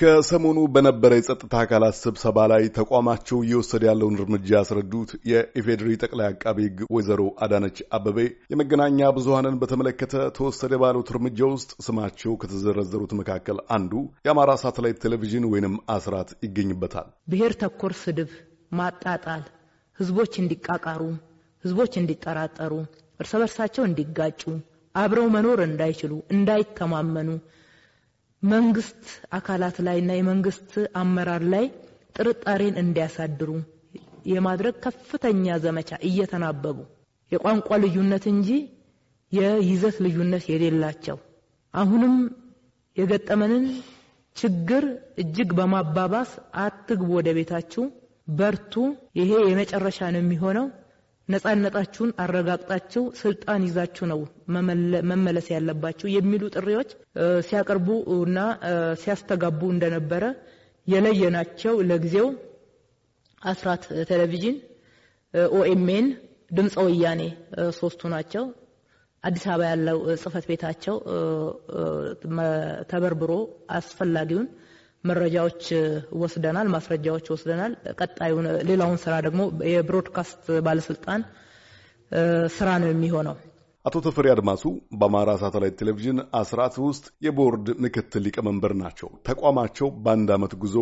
ከሰሞኑ በነበረ የጸጥታ አካላት ስብሰባ ላይ ተቋማቸው እየወሰደ ያለውን እርምጃ ያስረዱት የኢፌዴሪ ጠቅላይ አቃቤ ሕግ ወይዘሮ አዳነች አበቤ የመገናኛ ብዙሀንን በተመለከተ ተወሰደ ባሉት እርምጃ ውስጥ ስማቸው ከተዘረዘሩት መካከል አንዱ የአማራ ሳተላይት ቴሌቪዥን ወይንም አስራት ይገኝበታል። ብሔር ተኮር ስድብ፣ ማጣጣል፣ ህዝቦች እንዲቃቃሩ፣ ህዝቦች እንዲጠራጠሩ፣ እርስ በርሳቸው እንዲጋጩ፣ አብረው መኖር እንዳይችሉ፣ እንዳይተማመኑ መንግስት አካላት ላይ እና የመንግስት አመራር ላይ ጥርጣሬን እንዲያሳድሩ የማድረግ ከፍተኛ ዘመቻ እየተናበቡ የቋንቋ ልዩነት እንጂ የይዘት ልዩነት የሌላቸው አሁንም የገጠመንን ችግር እጅግ በማባባስ አትግቡ፣ ወደ ቤታችሁ በርቱ፣ ይሄ የመጨረሻ ነው የሚሆነው ነጻነታችሁን አረጋግጣችሁ ስልጣን ይዛችሁ ነው መመለስ ያለባችሁ የሚሉ ጥሪዎች ሲያቀርቡ እና ሲያስተጋቡ እንደነበረ የለየናቸው ለጊዜው አስራት ቴሌቪዥን፣ ኦኤምኤን፣ ድምፀ ወያኔ ሶስቱ ናቸው። አዲስ አበባ ያለው ጽህፈት ቤታቸው ተበርብሮ አስፈላጊውን መረጃዎች ወስደናል፣ ማስረጃዎች ወስደናል። ቀጣዩ ሌላውን ስራ ደግሞ የብሮድካስት ባለስልጣን ስራ ነው የሚሆነው። አቶ ተፈሪ አድማሱ በአማራ ሳተላይት ቴሌቪዥን አስራት ውስጥ የቦርድ ምክትል ሊቀመንበር ናቸው። ተቋማቸው በአንድ ዓመት ጉዞ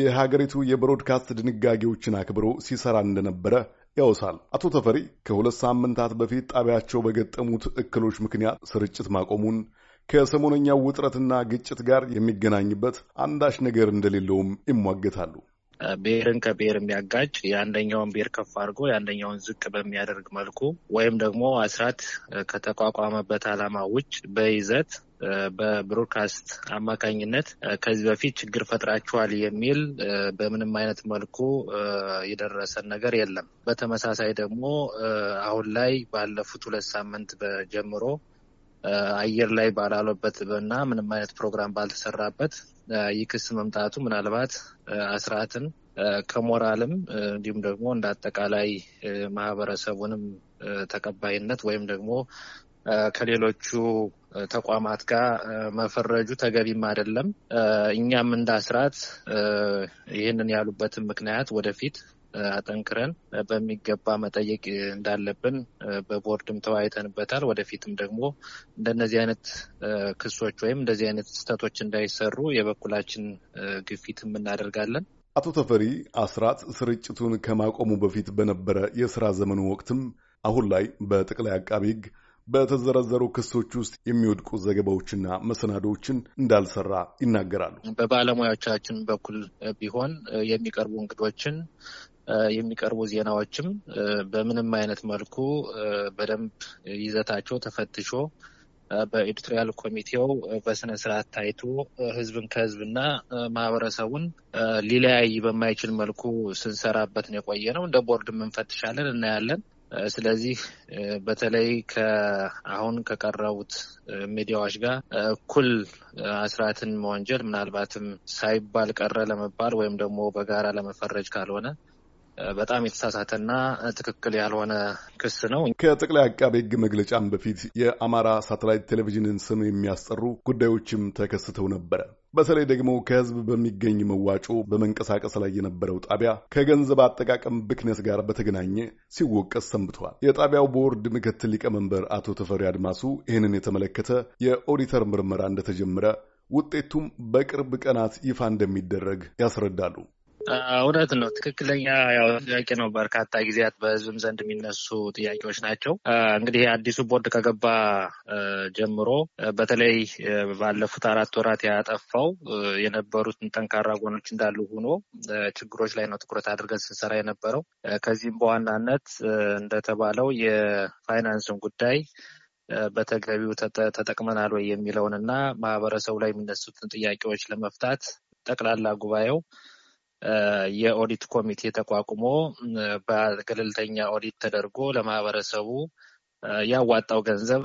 የሀገሪቱ የብሮድካስት ድንጋጌዎችን አክብሮ ሲሰራ እንደነበረ ያውሳል። አቶ ተፈሪ ከሁለት ሳምንታት በፊት ጣቢያቸው በገጠሙት እክሎች ምክንያት ስርጭት ማቆሙን ከሰሞነኛው ውጥረትና ግጭት ጋር የሚገናኝበት አንዳች ነገር እንደሌለውም ይሟገታሉ። ብሔርን ከብሔር የሚያጋጭ የአንደኛውን ብሔር ከፍ አድርጎ የአንደኛውን ዝቅ በሚያደርግ መልኩ ወይም ደግሞ አስራት ከተቋቋመበት ዓላማ ውጭ በይዘት በብሮድካስት አማካኝነት ከዚህ በፊት ችግር ፈጥራችኋል የሚል በምንም አይነት መልኩ የደረሰን ነገር የለም። በተመሳሳይ ደግሞ አሁን ላይ ባለፉት ሁለት ሳምንት ጀምሮ አየር ላይ ባላለበት እና ምንም አይነት ፕሮግራም ባልተሰራበት ይህ ክስ መምጣቱ ምናልባት አስራትን ከሞራልም እንዲሁም ደግሞ እንደ አጠቃላይ ማህበረሰቡንም ተቀባይነት ወይም ደግሞ ከሌሎቹ ተቋማት ጋር መፈረጁ ተገቢም አይደለም። እኛም እንደ አስራት ይህንን ያሉበትን ምክንያት ወደፊት አጠንክረን በሚገባ መጠየቅ እንዳለብን በቦርድም ተወያይተንበታል። ወደፊትም ደግሞ እንደነዚህ አይነት ክሶች ወይም እንደዚህ አይነት ስህተቶች እንዳይሰሩ የበኩላችን ግፊትም እናደርጋለን። አቶ ተፈሪ አስራት ስርጭቱን ከማቆሙ በፊት በነበረ የስራ ዘመኑ ወቅትም አሁን ላይ በጠቅላይ አቃቢ ሕግ በተዘረዘሩ ክሶች ውስጥ የሚወድቁ ዘገባዎችና መሰናዶዎችን እንዳልሰራ ይናገራሉ። በባለሙያዎቻችን በኩል ቢሆን የሚቀርቡ እንግዶችን የሚቀርቡ ዜናዎችም በምንም አይነት መልኩ በደንብ ይዘታቸው ተፈትሾ በኤዲቶሪያል ኮሚቴው በስነ ስርዓት ታይቶ ህዝብን ከህዝብና ማህበረሰቡን ሊለያይ በማይችል መልኩ ስንሰራበት ነው የቆየ ነው። እንደ ቦርድም እንፈትሻለን፣ እናያለን። ስለዚህ በተለይ አሁን ከቀረቡት ሚዲያዎች ጋር እኩል አስራትን መወንጀል ምናልባትም ሳይባል ቀረ ለመባል ወይም ደግሞ በጋራ ለመፈረጅ ካልሆነ በጣም የተሳሳተና ትክክል ያልሆነ ክስ ነው። ከጠቅላይ አቃቤ ሕግ መግለጫም በፊት የአማራ ሳተላይት ቴሌቪዥንን ስም የሚያስጠሩ ጉዳዮችም ተከስተው ነበረ። በተለይ ደግሞ ከህዝብ በሚገኝ መዋጮ በመንቀሳቀስ ላይ የነበረው ጣቢያ ከገንዘብ አጠቃቀም ብክነት ጋር በተገናኘ ሲወቀስ ሰንብቷል። የጣቢያው ቦርድ ምክትል ሊቀመንበር አቶ ተፈሪ አድማሱ ይህንን የተመለከተ የኦዲተር ምርመራ እንደተጀመረ ውጤቱም በቅርብ ቀናት ይፋ እንደሚደረግ ያስረዳሉ። እውነት ነው። ትክክለኛ ያው ጥያቄ ነው። በርካታ ጊዜያት በህዝብም ዘንድ የሚነሱ ጥያቄዎች ናቸው። እንግዲህ አዲሱ ቦርድ ከገባ ጀምሮ በተለይ ባለፉት አራት ወራት ያጠፋው የነበሩትን ጠንካራ ጎኖች እንዳሉ ሆኖ ችግሮች ላይ ነው ትኩረት አድርገን ስንሰራ የነበረው። ከዚህም በዋናነት እንደተባለው የፋይናንስን ጉዳይ በተገቢው ተጠቅመናል ወይ የሚለውን እና ማህበረሰቡ ላይ የሚነሱትን ጥያቄዎች ለመፍታት ጠቅላላ ጉባኤው የኦዲት ኮሚቴ ተቋቁሞ በገለልተኛ ኦዲት ተደርጎ ለማህበረሰቡ ያዋጣው ገንዘብ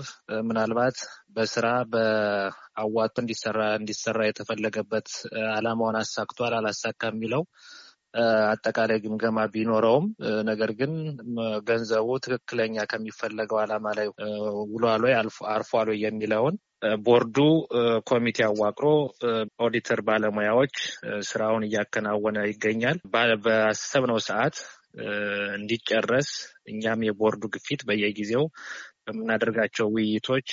ምናልባት በስራ በአዋጡ እንዲሰራ እንዲሰራ የተፈለገበት አላማውን አሳክቷል አላሳካ የሚለው አጠቃላይ ግምገማ ቢኖረውም ነገር ግን ገንዘቡ ትክክለኛ ከሚፈለገው አላማ ላይ ውሏል ወይ አርፏል ወይ የሚለውን ቦርዱ ኮሚቴ አዋቅሮ ኦዲተር ባለሙያዎች ስራውን እያከናወነ ይገኛል። በሰብነው ሰዓት እንዲጨረስ እኛም የቦርዱ ግፊት በየጊዜው በምናደርጋቸው ውይይቶች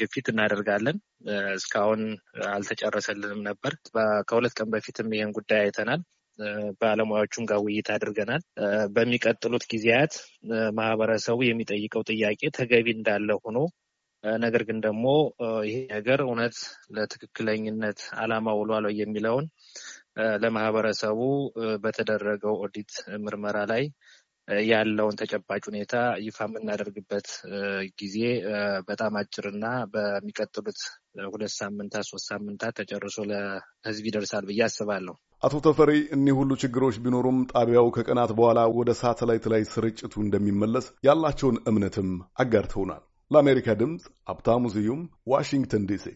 ግፊት እናደርጋለን። እስካሁን አልተጨረሰልንም ነበር። ከሁለት ቀን በፊትም ይህን ጉዳይ አይተናል። ባለሙያዎቹም ጋር ውይይት አድርገናል። በሚቀጥሉት ጊዜያት ማህበረሰቡ የሚጠይቀው ጥያቄ ተገቢ እንዳለ ሆኖ ነገር ግን ደግሞ ይሄ ነገር እውነት ለትክክለኝነት አላማ ውሏል የሚለውን ለማህበረሰቡ በተደረገው ኦዲት ምርመራ ላይ ያለውን ተጨባጭ ሁኔታ ይፋ የምናደርግበት ጊዜ በጣም አጭርና በሚቀጥሉት ሁለት ሳምንታት ሶስት ሳምንታት ተጨርሶ ለህዝብ ይደርሳል ብዬ አስባለሁ። አቶ ተፈሪ እኒህ ሁሉ ችግሮች ቢኖሩም ጣቢያው ከቀናት በኋላ ወደ ሳተላይት ላይ ስርጭቱ እንደሚመለስ ያላቸውን እምነትም አጋርተውናል። ለአሜሪካ ድምፅ ሀብታሙ ስዩም ዋሽንግተን ዲሲ